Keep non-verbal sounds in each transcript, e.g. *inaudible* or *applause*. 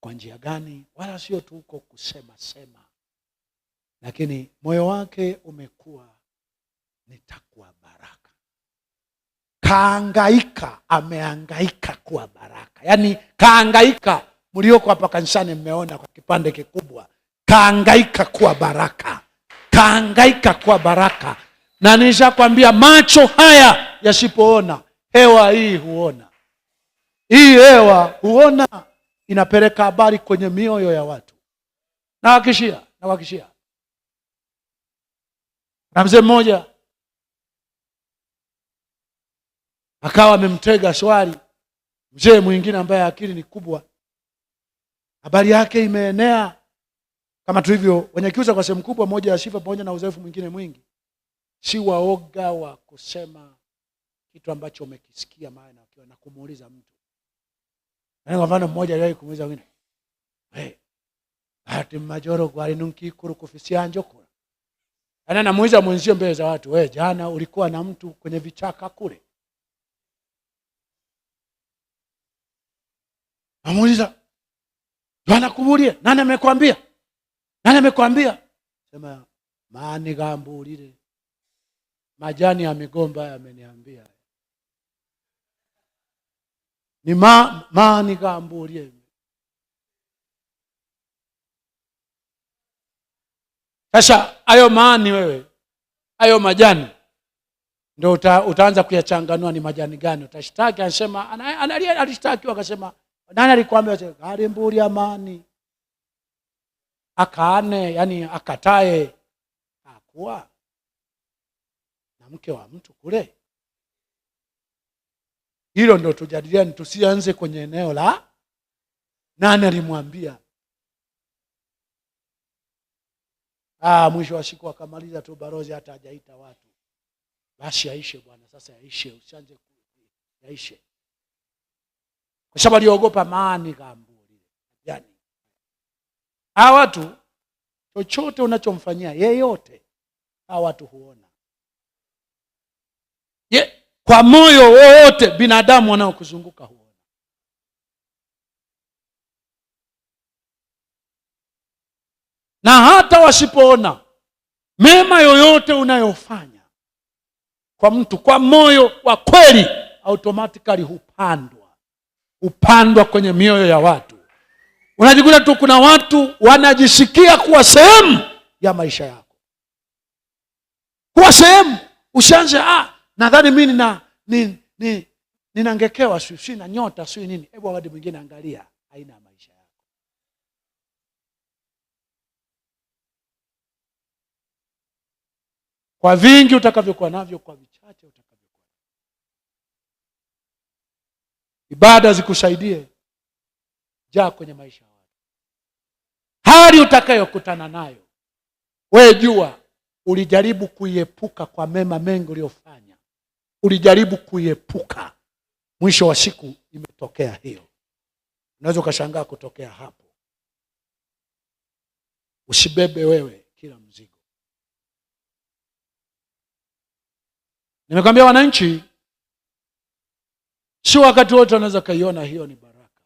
kwa njia gani, wala sio tu huko kusema sema, lakini moyo wake umekuwa nitakuwa baraka. Kaangaika, ameangaika kuwa baraka, yaani kaangaika. Mlioko hapa kanisani mmeona kwa kipande kikubwa, kaangaika kuwa baraka, kaangaika kuwa baraka. Na nishakwambia macho haya yasipoona, hewa hii huona, hii hewa huona inapeleka habari kwenye mioyo ya watu. Nawakishia, nawakishia na mzee mmoja akawa amemtega swali mzee mwingine ambaye akili ni kubwa, habari yake imeenea kama tulivyo wenye kiuza kwa sehemu kubwa. Moja ya sifa pamoja na uzoefu mwingine mwingi, si waoga wa kusema kitu ambacho umekisikia maana na kumuuliza mtu Eh, kwa mmoja aliwahi kumuuliza wengine, hey, ati majoro gwalinunkikuru kufisia Ana yaani namuuliza mwenzio mbele za watu, we jana ulikuwa na mtu kwenye vichaka kule. Namuuliza, jana kubulia, nani amekwambia? Nani amekwambia? Sema maani gambulile. Majani ya migomba yameniambia ni maanigambo lyeme sasa hayo maani wewe ayo majani ndo uta, utaanza kuyachanganua ni majani gani utashtaki anasema alishtakiwa akasema nani alikwambia garimburi amani akaane yani akatae akuwa na mke wa mtu kule hilo ndo tujadiliani, tusianze kwenye eneo la nani alimwambia. Ah, mwisho wa siku akamaliza tu barozi, hata hajaita watu. Basi yaishe bwana, sasa yaishe, usianze yaishe, kwa sababu aliogopa maani kambu yani. Hawa watu chochote unachomfanyia yeyote, hawa watu huona ye kwa moyo wowote binadamu wanaokuzunguka huona. Na hata wasipoona mema yoyote unayofanya kwa mtu kwa moyo wa kweli, automatically hupandwa, hupandwa kwenye mioyo ya watu. Unajikuta tu kuna watu wanajisikia kuwa sehemu ya maisha yako, kuwa sehemu ushanze ah nadhani mi nina ni, ni, ninangekewa si si na nyota si nini. Hebu wakati mwingine angalia aina ya maisha yako. Kwa vingi utakavyokuwa navyo, kwa vichache utakavyokuwa Ibada zikusaidie jaa kwenye maisha ya watu. Hali utakayokutana nayo, we jua ulijaribu kuiepuka kwa mema mengi uliyofanya ulijaribu kuiepuka, mwisho wa siku imetokea hiyo. Unaweza ukashangaa kutokea hapo. Usibebe wewe kila mzigo. Nimekwambia wananchi, sio wakati wote wanaweza kaiona hiyo ni baraka.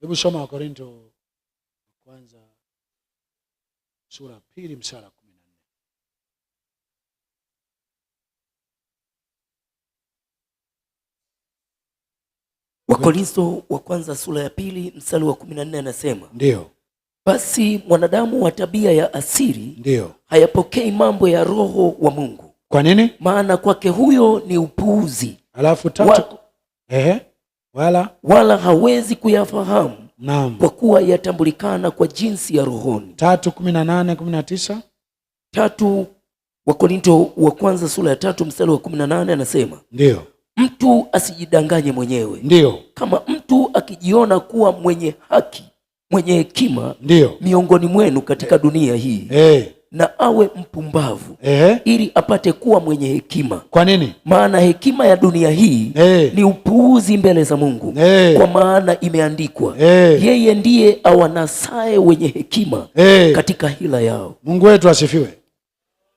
Hebu soma Wakorinto kwanza sura pili msara Wakorintho wa kwanza sura ya pili mstari wa kumi na nne anasema ndio, basi mwanadamu wa tabia ya asili ndio hayapokei mambo ya roho wa Mungu. Kwa nini? Maana kwake huyo ni upuuzi, alafu tatu ehe, wala wala hawezi kuyafahamu Naam. Kwa kuwa yatambulikana kwa jinsi ya rohoni. Tatu kumi na nane kumi na tisa tatu Wakorinto wa kwanza sura ya tatu mstari wa kumi na nane anasema ndio Mtu asijidanganye mwenyewe. Ndio. Kama mtu akijiona kuwa mwenye haki, mwenye hekima ndio miongoni mwenu katika eh. dunia hii eh, na awe mpumbavu eh, ili apate kuwa mwenye hekima. Kwa nini? Maana hekima ya dunia hii eh, ni upuuzi mbele za Mungu eh, kwa maana imeandikwa eh, yeye ndiye awanasae wenye hekima eh, katika hila yao. Mungu wetu asifiwe.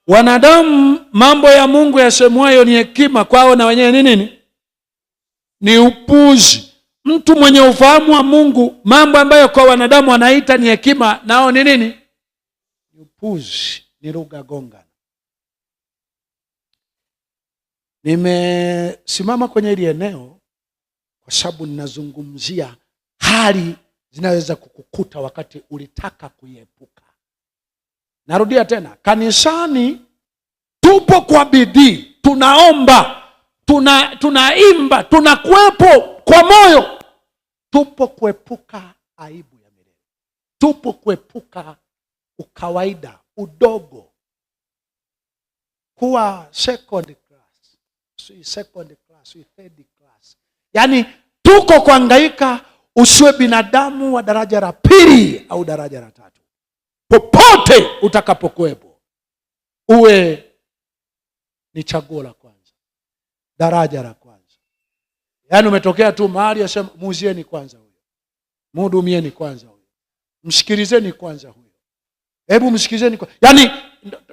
Wanadamu mambo ya Mungu yasemwayo ni hekima kwao, na wenyewe ni nini? Ni upuzi. Mtu mwenye ufahamu wa Mungu, mambo ambayo kwa wanadamu wanaita ni hekima, nao ni nini? Ni upuzi, ni lugha gonga. Nimesimama kwenye hili eneo kwa sababu ninazungumzia hali zinaweza kukukuta wakati ulitaka kuiepuka Narudia tena, kanisani tupo kwa bidii, tunaomba, tuna tunaimba, tunakuwepo kwa moyo, tupo kuepuka aibu ya milele, tupo kuepuka ukawaida, udogo, kuwa second class, si second class, si third class. Yani tuko kuangaika usiwe binadamu wa daraja la pili au daraja la tatu popote utakapokuwepo uwe ni chaguo la kwanza, daraja la kwanza. Yaani umetokea tu mahali asema, muuzieni kwanza huyo, mhudumieni kwanza huyo, msikilizeni kwanza huyo, hebu msikilizeni kwanza. Yaani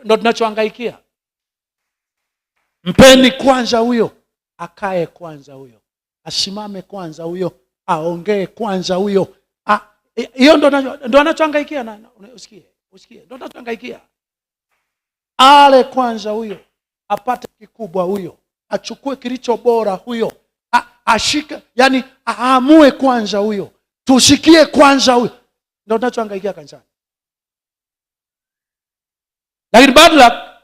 ndo tunachoangaikia mpeni kwanza huyo, akae kwanza huyo, asimame kwanza huyo, aongee kwanza huyo hiyo ndo anachoangaikia na usikie usikie, ndo anachoangaikia ale kwanza huyo, apate kikubwa huyo, achukue kilicho bora huyo, ashike yani aamue kwanza huyo, tusikie kwanza huyo, ndo tunachoangaikia kanisani. Lakini badala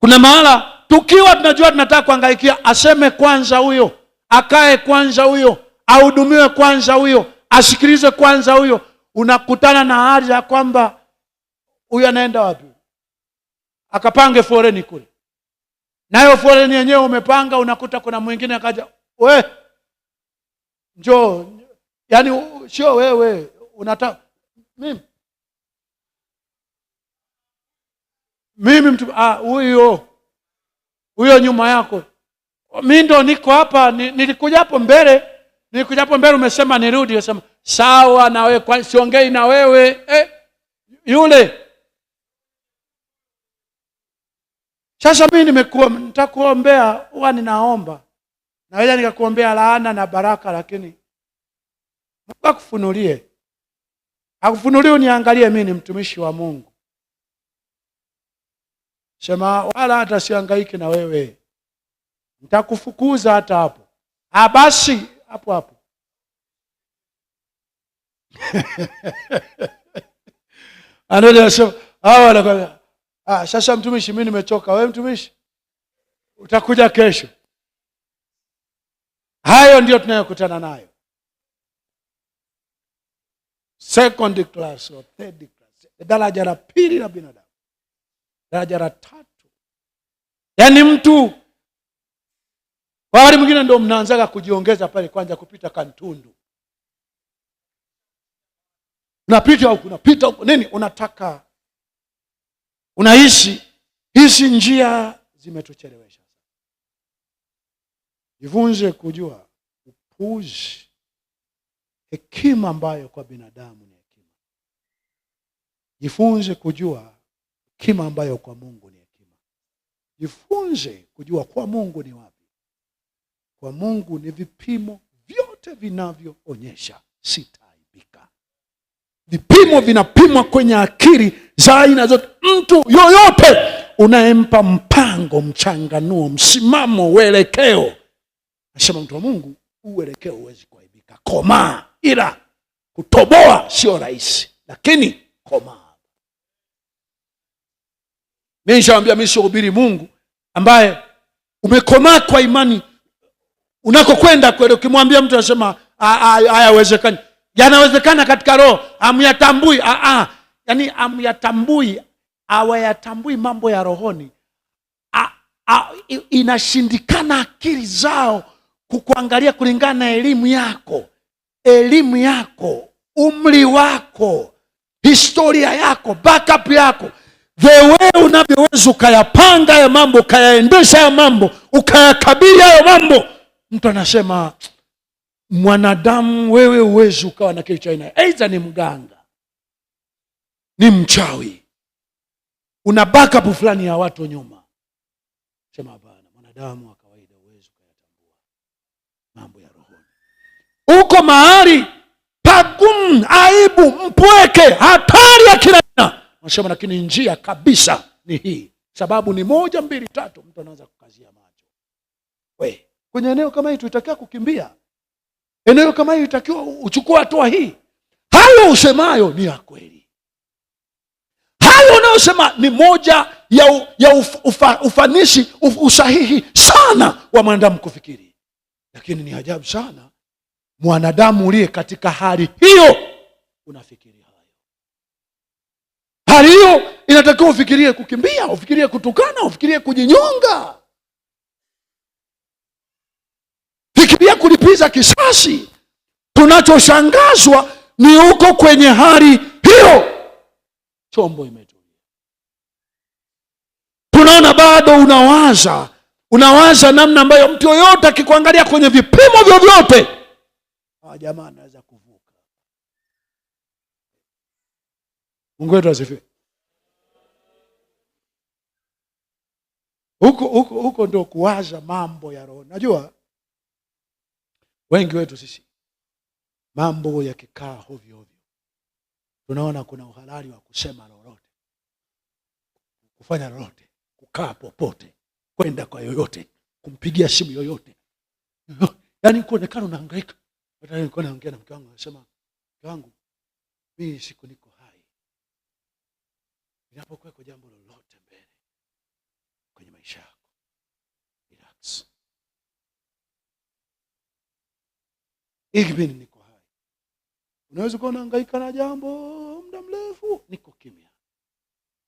kuna mahala tukiwa tunajua tunataka kuangaikia, aseme kwanza huyo, akae kwanza huyo, ahudumiwe kwanza huyo asikilize kwanza huyo. Unakutana na hali ya kwamba huyu anaenda wapi, akapange foreni kule, nayo foreni yenyewe umepanga, unakuta kuna mwingine akaja, we njoo, yaani sio wewe unata mimi mimi mtu ah, huyo huyo nyuma yako, mi ndo niko hapa, nilikuja hapo mbele nikujapo mbele umesema nirudi, sema sawa na wewe, siongei na wewe eh, yule Sasa mimi nimekuwa nitakuombea, huwa ninaomba, naweza nikakuombea laana na baraka, lakini Mungu akufunulie, akufunulie, uniangalie mimi ni mtumishi wa Mungu. Sema wala hata siangaike na wewe, nitakufukuza hata hapo. abasi ah, hapo hapo *laughs* hawa ah, sasa mtumishi, mi nimechoka. We mtumishi, utakuja kesho. Hayo ndiyo tunayokutana nayo, second class or third class, daraja la pili la binadamu, daraja la tatu, yaani mtu Wakati mwingine ndo mnaanzaga kujiongeza pale, kwanza kupita kantundu, unapita huku unapita huku nini, unataka unahisi hizi njia zimetuchelewesha. Jivunje kujua upuzi, hekima ambayo kwa binadamu ni hekima. Jifunze kujua hekima ambayo kwa Mungu ni hekima. Jifunze kujua kwa Mungu ni wapi kwa Mungu ni vipimo vyote vinavyoonyesha sitaaibika. Vipimo vinapimwa kwenye akili za aina zote. Mtu yoyote unayempa mpango, mchanganuo, msimamo, uelekeo, nasema mtu wa Mungu, uelekeo huwezi kuaibika. Komaa, ila kutoboa sio rahisi, lakini komaa. Mi nishawambia mi siohubiri Mungu ambaye umekomaa kwa imani unakokwenda kweli. Ukimwambia mtu anasema ah, ah, hayawezekani, yanawezekana katika roho, amyatambui yani amyatambui, awayatambui ah, yaani, mambo ya rohoni, a, a, inashindikana akili zao kukuangalia kulingana na elimu yako, elimu yako, umri wako, historia yako, backup yako vewe unavyoweza ukayapanga ya mambo ukayaendesha ya mambo ukayakabili hayo mambo mtu anasema mwanadamu wewe huwezi ukawa na kitu aina, aidha ni mganga, ni mchawi, una backup fulani ya watu nyuma. Sema hapana, mwanadamu wa kawaida huwezi ukayatambua mambo ya rohoni. Uko mahali pagumu, aibu, mpweke, hatari ya kila Nasema lakini njia kabisa ni hii, sababu ni moja, mbili, tatu. Mtu anaanza kukazia macho we Kwenye eneo kama hii tuitakiwa kukimbia, eneo kama hii itakiwa uchukua hatua hii. Hayo usemayo ni ya kweli, hayo unayosema ni moja ya, ya uf, ufa, ufanishi uf, usahihi sana wa mwanadamu kufikiri, lakini ni ajabu sana mwanadamu uliye katika hali hiyo unafikiri hayo. Hali hiyo inatakiwa ufikirie kukimbia, ufikirie kutukana, ufikirie kujinyonga. Tunafikiria kulipiza kisasi, tunachoshangazwa ni uko kwenye hali hiyo, chombo imetulia. Tunaona bado unawaza, unawaza namna ambayo mtu yoyote akikuangalia kwenye vipimo vyovyote, ah, jamaa anaweza kuvuka. Mungu wetu Huko huko huko ndo kuwaza mambo ya roho. Najua Wengi wetu sisi mambo yakikaa hovyo hovyo, tunaona kuna uhalali wa kusema lolote, kufanya lolote, kukaa popote, kwenda kwa yoyote, kumpigia simu yoyote, yaani kuonekana unaangaika Hata nilikuwa naongea na mke wangu, anasema mke wangu, mii siku niko hai, inapokuweko jambo lolote mbele kwenye maisha yako Igbin, niko hai. Unaweza kuona unahangaika na jambo muda mrefu, niko kimya,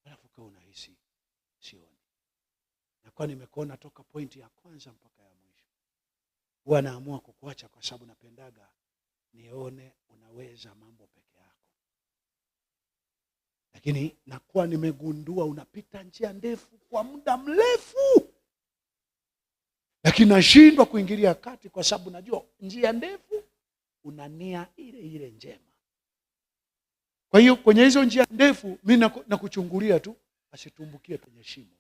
alafu ukawa unahisi sioni. kwa nimekuona toka pointi ya kwanza mpaka ya mwisho. Huwa naamua kukuacha kwa sababu napendaga nione unaweza mambo peke yako, lakini nakuwa nimegundua unapita njia ndefu kwa muda mrefu, lakini nashindwa kuingilia kati kwa sababu najua njia ndefu una nia ile ile njema. Kwa hiyo kwenye hizo njia ndefu, mi nakuchungulia tu, asitumbukie penye shimo,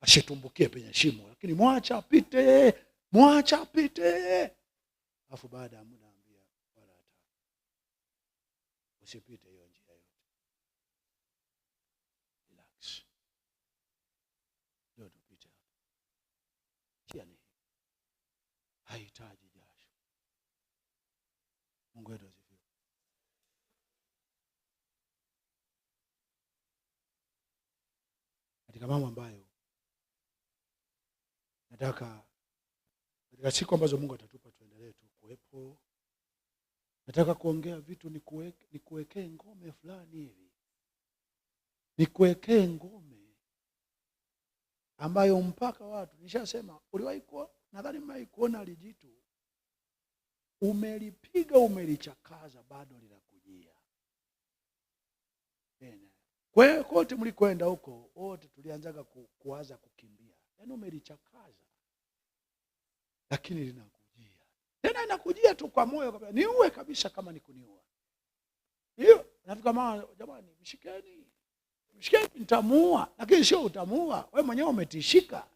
asitumbukie penye shimo, lakini mwacha apite, mwacha apite. Alafu baada ya muda ambia wala hata usipite hiyo njia yote, relax, ndio tupite. Hahitaji Ina mambo ambayo nataka katika siku ambazo Mungu atatupa tuendelee tu kuwepo. Nataka kuongea vitu nikuwekee nikuweke ngome fulani hivi, nikuwekee ngome ambayo mpaka watu nishasema, uliwahi kuwa nadhani mmewahi kuona lijitu, umelipiga umelichakaza, bado linakujia tena hiyo kote mlikwenda huko wote tulianzaga ku, kuwaza kukimbia, yaani umelichakaza, lakini linakujia tena, inakujia tu kwa moyo kabisa, niue kabisa kama nikuniua. Hiyo nafika mama, jamani, mshikeni, mshikeni, nitamuua. Lakini sio utamuua wewe mwenyewe, umetishika.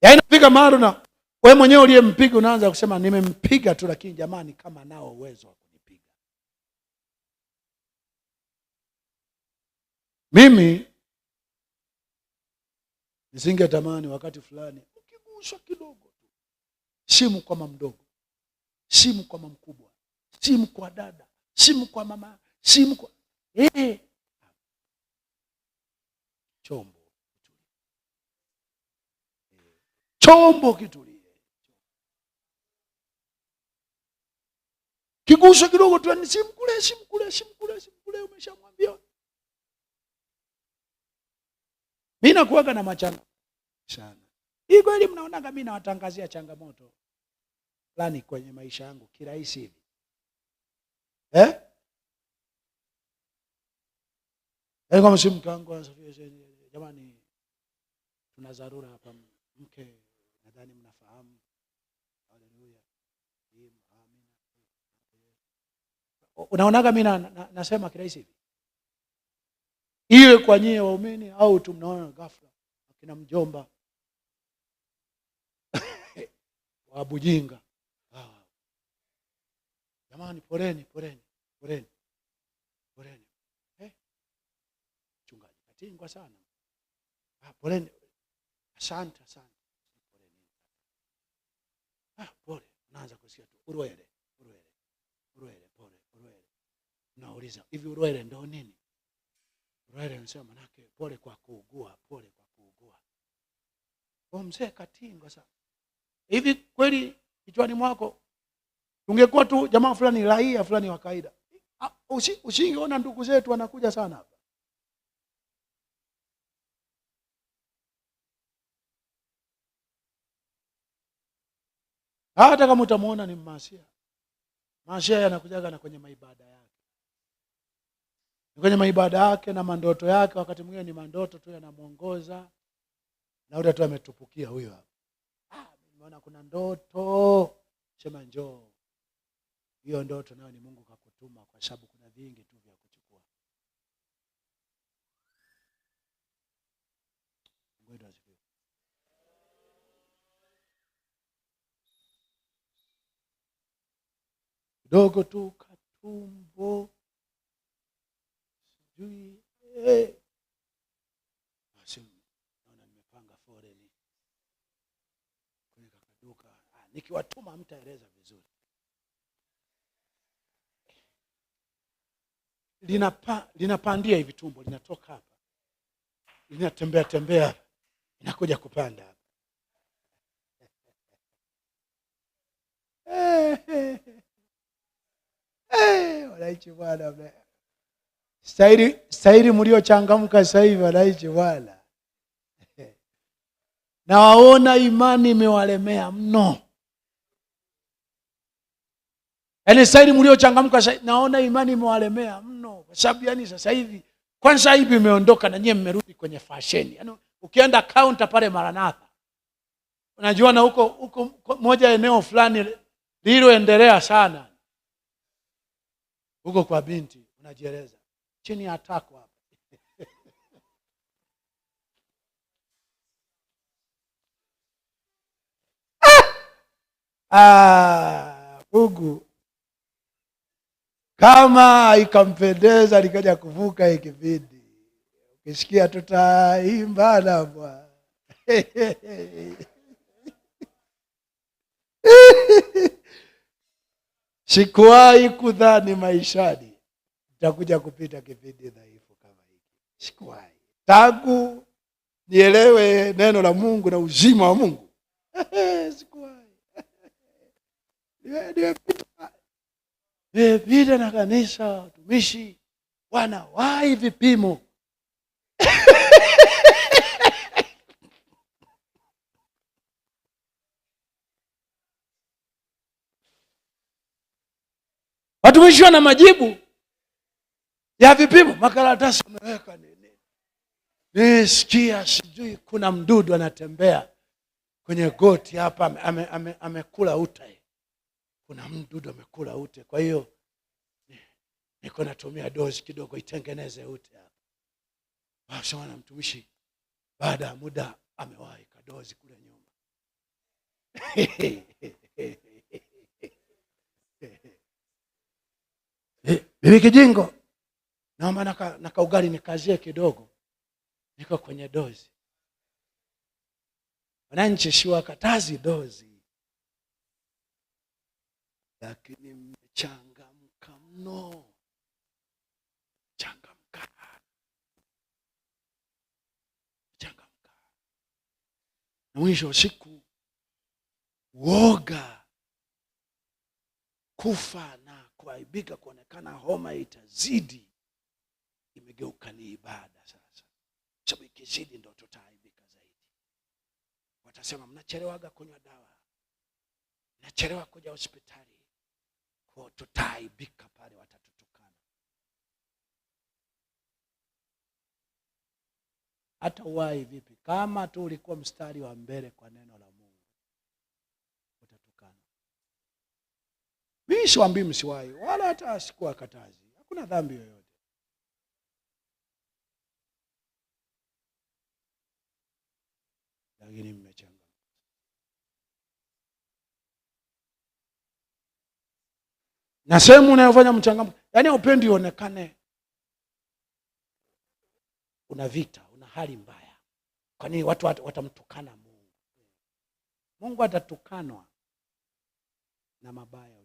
Yaani nafika mara na we mwenyewe uliyempiga unaanza kusema nimempiga tu, lakini jamani, kama nao uwezo wa kunipiga mimi. tamani wakati fulani ukiguswa kidogo tu, simu kwa mamdogo, simu kwa mamkubwa, simu kwa dada, simu kwa mama, simu kwa hey. Eh. chombo chombo kitu kiguso kidogo tu, yaani simkule simkule simkule simkule, umeshamwambia. Mi nakuwaga na machanga sana hii kweli, mnaonaga mi nawatangazia changamoto fulani kwenye maisha yangu kirahisi hivi eh? Yaani kama si mke wangu jamani, tuna dharura hapa, mke nadhani mnafahamu Unaonaga mi na, na, nasema kirahisi hivi, iwe kwa nyie waumini au tu mnaona ghafla akina mjomba *laughs* wabujinga jamani, poleni poleni poleni poleni, eh, mchungaji katingwa sana. Ah, poleni, asante asante, poleni. Ah, pole, naanza kusikia tu urwele akauliza hivi urwele ndo nini? Urwele anasema manake pole kwa kuugua, pole kwa kuugua. Kwa mzee katinga sana hivi kweli, kichwani mwako tungekuwa tu jamaa fulani raia fulani wa kawaida, usingeona ndugu zetu wanakuja sana hapa. Hata kama utamwona ni mmasia, masia yanakujaga na kwenye maibada ya kwenye maibada yake na mandoto yake, wakati mwingine ni mandoto tu yanamwongoza na tu ametupukia huyo hapa. Ah, kuna ndoto sema njoo. Hiyo ndoto nayo ni Mungu kakutuma, kwa sababu kuna vingi tu vya kuchukua. Kidogo tu katumbo sijui eh. ah, nikiwatuma mtaeleza vizuri linapa, linapandia hivi tumbo linatoka hapa linatembea tembea hapa inakuja kupanda hapa *laughs* eh, eh, wananchi bwana Staili, staili mliochangamka sasa hivi wanaishi wala *laughs* nawaona, imani imewalemea mno. Yaani staili mliochangamka sasa, naona imani imewalemea mno kwa sababu yani sasa hivi kwanza hivi imeondoka na nyie mmerudi kwenye fashion. Yaani ukienda kaunta pale Maranatha unajua, na huko huko moja eneo fulani liloendelea sana huko kwa binti unajieleza chini ya tako hapa *laughs* ah! Mungu kama ikampendeza likaja kuvuka hii kipindi, ukisikia tutaimba na Bwana *laughs* sikuwahi kudhani maishani itakuja kupita kipindi dhaifu kama hiki. Sikuwahi tangu nielewe neno la Mungu na uzima wa Mungu *laughs* sikuwahi *laughs* nimepita na kanisa, watumishi wanawahi vipimo *laughs* watumishi wana majibu ya vipimo, makaratasi ameweka nini, nisikia sijui kuna mdudu anatembea kwenye goti hapa, amekula ame, ame, ame uta, kuna mdudu amekula ute, kwa hiyo niko natumia dozi kidogo itengeneze ute hapa. mtumishi, baada ya muda amewahi kadozi kule nyuma bibi Kijingo naomba naka, naka ugali nikazie kidogo, niko kwenye dozi. Wananchi siwakatazi dozi, lakini mmechangamka mno, changamka, changamka. Na mwisho wa siku woga kufa na kuaibika kuonekana, homa itazidi imegeuka ni ibada sasa, sababu ikizidi ndo tutaaibika zaidi. Watasema mnacherewaga kunywa dawa, mnacherewa kuja hospitali, ko tutaaibika pale, watatutukana. Hata uwai vipi, kama tu ulikuwa mstari wa mbele kwa neno la Mungu utatukana. Mimi siwaambii msiwai, wala hata sikuwa katazi, hakuna dhambi yoyote 당연히 매체한 Na sehemu unayofanya mchangamfu, yaani upendi ionekane una vita, una hali mbaya. Kwa nini watu watamtukana Mungu? Mungu atatukanwa na mabaya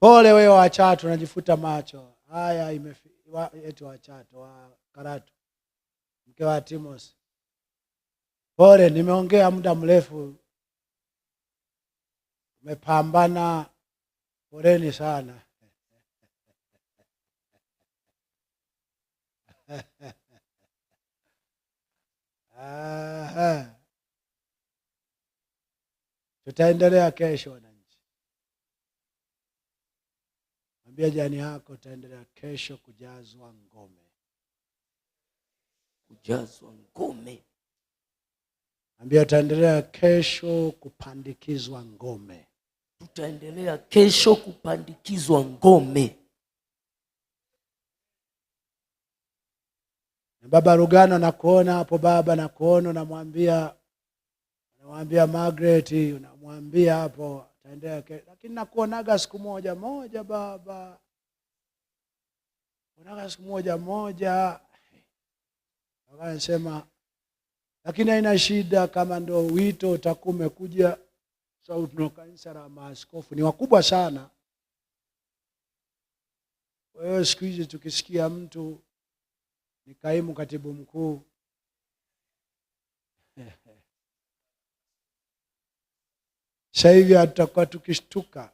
Pole wewe Wachato, najifuta macho haya imefi, wa, eti Wachato wa Karatu, mke wa Timos. Pole, nimeongea muda mrefu, umepambana, poleni sana *laughs* tutaendelea kesho. Mwambia jani yako utaendelea kesho kujazwa ngome, kujazwa ngome. Mwambia utaendelea kesho kupandikizwa ngome, tutaendelea kesho kupandikizwa ngome. Na Baba Rugano nakuona hapo baba, nakuona unamwambia, unamwambia Margaret, unamwambia hapo tendeke, lakini nakuonaga siku moja moja, baba, onaga siku moja moja. Akasema lakini haina shida, kama ndo wito utakuwa umekuja sauti. So, na kanisa la maaskofu ni wakubwa sana. Kwa hiyo siku hizi tukisikia mtu ni kaimu katibu mkuu *laughs* Sasa hivi atakuwa tukishtuka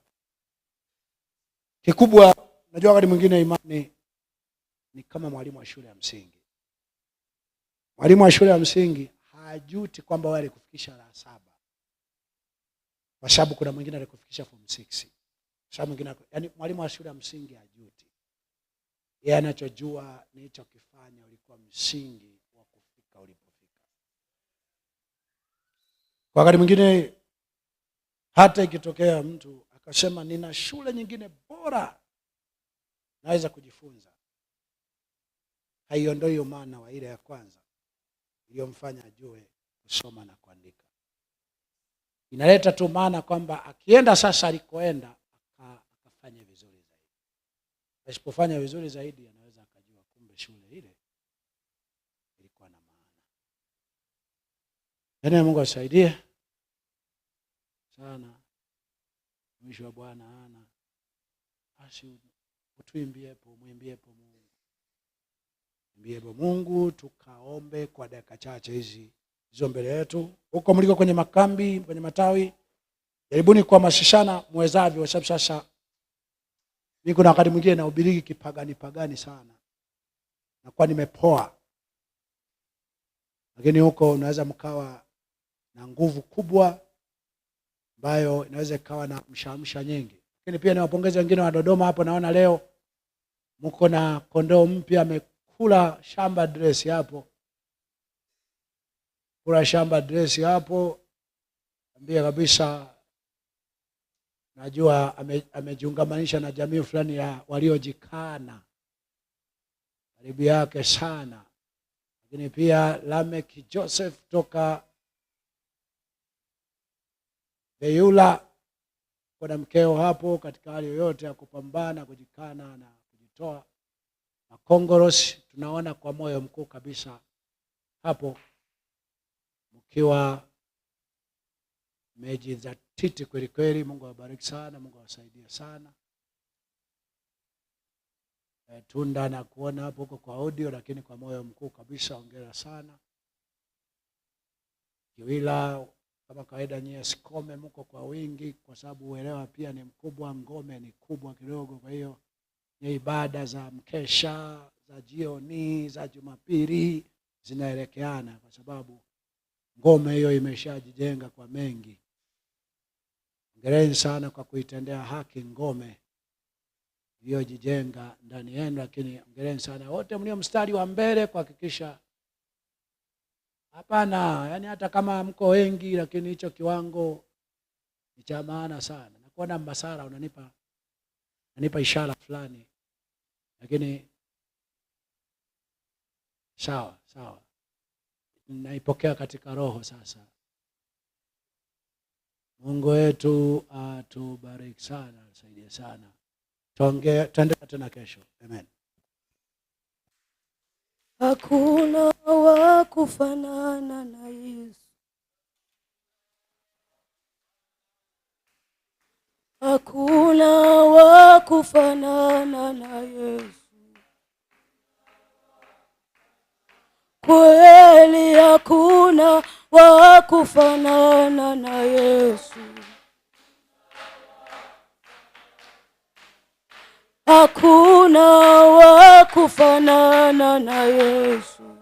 kikubwa. Najua wakati mwingine imani ni kama mwalimu wa shule ya msingi. Mwalimu wa shule ya msingi hajuti kwamba wale alikufikisha la saba, kwa sababu kuna mwingine alikufikisha form 6 sababu mwingine, yani mwalimu wa shule ya msingi hajuti. Yeye anachojua ni hicho kifanya ulikuwa msingi wa kufika ulipofika. Wakati mwingine hata ikitokea mtu akasema nina shule nyingine bora naweza kujifunza, haiondoi umana wa ile ya kwanza iliyomfanya ajue kusoma na kuandika. Inaleta tu maana kwamba akienda sasa alikoenda akafanya vizuri zaidi. Asipofanya vizuri zaidi, anaweza akajua kumbe shule ile ilikuwa na maana. yani Mungu asaidie sana, mwisho wa Bwana ana basi, utuimbiepo mwimbiepo Mungu, imbiepo Mungu, tukaombe kwa dakika chache hizi hizo mbele yetu, huko mliko kwenye makambi, kwenye matawi, jaribuni kuhamasishana mwezavyo, kwa sababu sasa mi kuna wakati mwingine naubiriki kipagani pagani sana, nakuwa nimepoa, lakini huko unaweza mkawa na nguvu kubwa ambayo inaweza ikawa na mshamsha nyingi, lakini pia niwapongeze wengine wa Dodoma hapo. Naona leo mko na kondoo mpya amekula shamba dresi hapo, kula shamba dresi hapo, ambia kabisa najua ame, amejiungamanisha na jamii fulani ya waliojikana karibu yake sana, lakini pia Lameki Joseph toka Deuila kuna mkeo hapo katika hali yoyote ya kupambana, kujikana na kujitoa. makongoros tunaona kwa moyo mkuu kabisa hapo, mkiwa meji titi kweli kweli. Mungu awabariki sana, Mungu awasaidie sana. E, Tunda na kuona hapo huko kwa audio, lakini kwa moyo mkuu kabisa, ongera sana kiwila kama kawaida, nyie sikome, mko kwa wingi, kwa sababu uelewa pia ni mkubwa, ngome ni kubwa kidogo. Kwa hiyo nye ibada za mkesha, za jioni, za Jumapili zinaelekeana, kwa sababu ngome hiyo imeshajijenga kwa mengi. ngereni sana kwa kuitendea haki ngome iliyojijenga ndani yenu, lakini ngereni sana wote mlio mstari wa mbele kuhakikisha Hapana, yani hata kama mko wengi, lakini hicho kiwango ni cha maana sana. nakuona na mbasara, unanipa unanipa ishara fulani, lakini sawa sawa, naipokea katika roho sasa. Mungu wetu atubariki sana, atusaidie sana. Tuongee, tuendelee tena kesho. Amen. Hakuna wa kufanana na Yesu, hakuna wa kufanana na Yesu, kweli hakuna wa kufanana na Yesu. hakuna wa kufanana na Yesu.